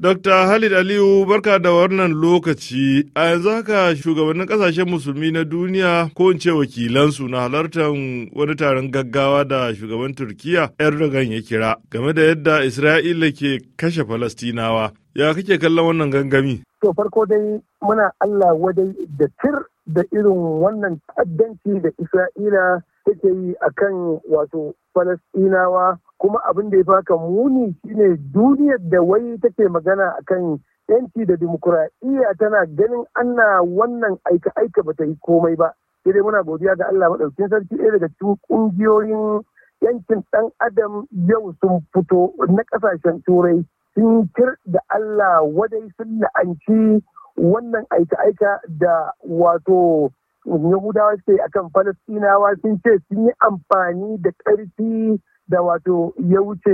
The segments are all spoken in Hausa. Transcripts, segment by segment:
Dr. Halid Aliyu barka da wannan lokaci a yanzu haka shugabannin kasashen musulmi na duniya ko in ce wakilansu na halartar wani taron gaggawa da shugaban turkiyya Erdogan ya kira game da yadda Isra'ila ke kashe Falastinawa. Ya kake kallon wannan gangami? To farko dai muna Allah wadai da tir da irin wannan ta'addanci da Isra'ila take yi a kan wato Falastinawa kuma abin da ya faka muni shine duniyar da wai take magana akan yanci da dimokuraɗiyya tana ganin ana wannan aika-aika ba ta yi komai ba sai dai muna godiya ga Allah maɗaukin sarki ɗaya daga cikin ƙungiyoyin yankin ɗan adam yau sun fito na ƙasashen turai sun kir da Allah wadai sun la'anci wannan aika-aika da wato Yahudawa ce akan Falastinawa sun ce sun yi amfani da ƙarfi da wato ya wuce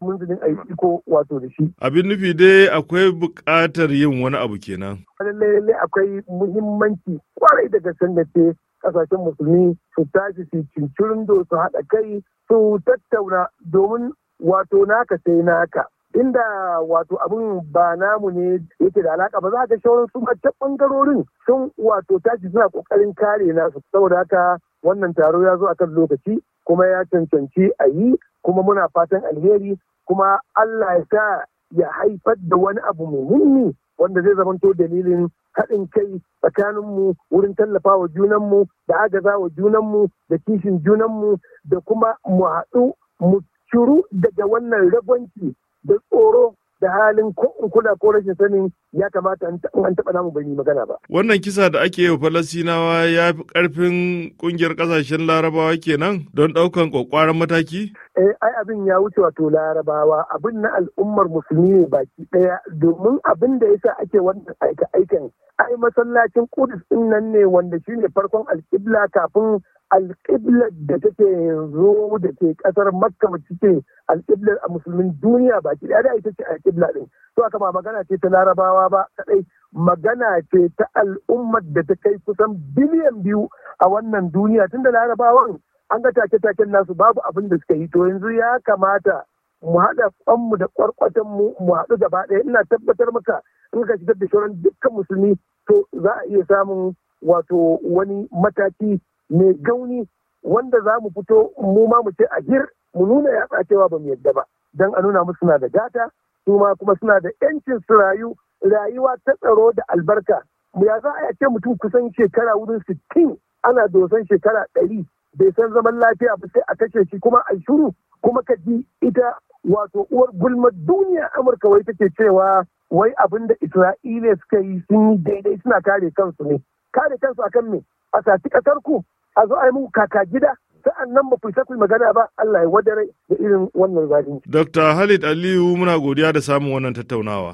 munzulin aiki ko wato da shi. Abin nufi dai akwai buƙatar yin wani abu kenan. Lallai akwai muhimmanci kwarai da gaske kasashen musulmi su tashi su cincirin do su haɗa kai su tattauna domin wato naka sai naka. inda wato abin ba namu ne yake da alaka ba za ka shawarar su ta bangarorin sun wato tashi suna ƙoƙarin kare nasu saboda haka wannan taro ya zo a kan lokaci kuma ya cancanci a yi kuma muna fatan alheri kuma Allah ya sa ya haifar da wani abu muhimmi wanda zai zamanto dalilin haɗin kai tsakaninmu wurin tallafawa junanmu da agazawa junanmu da kishin junanmu da kuma mu haɗu mu ciru daga wannan ragwanci da tsoro da halin ko kula ko rashin sanin ya kamata in an taɓa namu bai yi magana ba. Wannan kisa da ake yi wa Falasinawa ya fi ƙarfin ƙungiyar ƙasashen Larabawa kenan don ɗaukan ƙwaƙwaran mataki? Eh, ai abin ya wuce wato Larabawa abin na al'ummar musulmi ne baki ɗaya domin abin da yasa ake wannan aika aikan ai masallacin Kudus ɗin nan ne wanda shine farkon alƙibla kafin alƙiblar da take yanzu da ke ƙasar makka mace ce alƙiblar a musulmin duniya baki ɗaya da ita ce alƙibla ɗin to aka ba magana ce ta larabawa ba kaɗai magana ce ta al'ummar da ta kai kusan biliyan biyu a wannan duniya tun da larabawan an ga take-taken nasu babu abin da suka yi to yanzu ya kamata mu haɗa kwanmu da kwarkwatan mu mu haɗu gaba ɗaya ina tabbatar maka in ka shigar da shauran dukkan musulmi to za a iya samun wato wani mataki mai gauni wanda za mu fito mu ma mu ce a hir mu nuna yatsa cewa ba mu yadda ba don a nuna musu suna da gata su ma kuma suna da yancin su rayu rayuwa ta tsaro da albarka mu ya za a ce mutum kusan shekara wurin sittin ana dosan shekara ɗari bai san zaman lafiya ba sai a kashe shi kuma a shuru kuma ka ji ita wato uwar gulma duniya amurka wai take cewa wai abin da isra'ila suka yi sun yi daidai suna kare kansu ne kare kansu akan me a sati kasar ku a zo ai muku kaka gida sa'an nan ba ku ta ku magana ba Allah ya wadare da irin wannan zalunci. Dr. halid Aliyu muna godiya da samun wannan tattaunawa.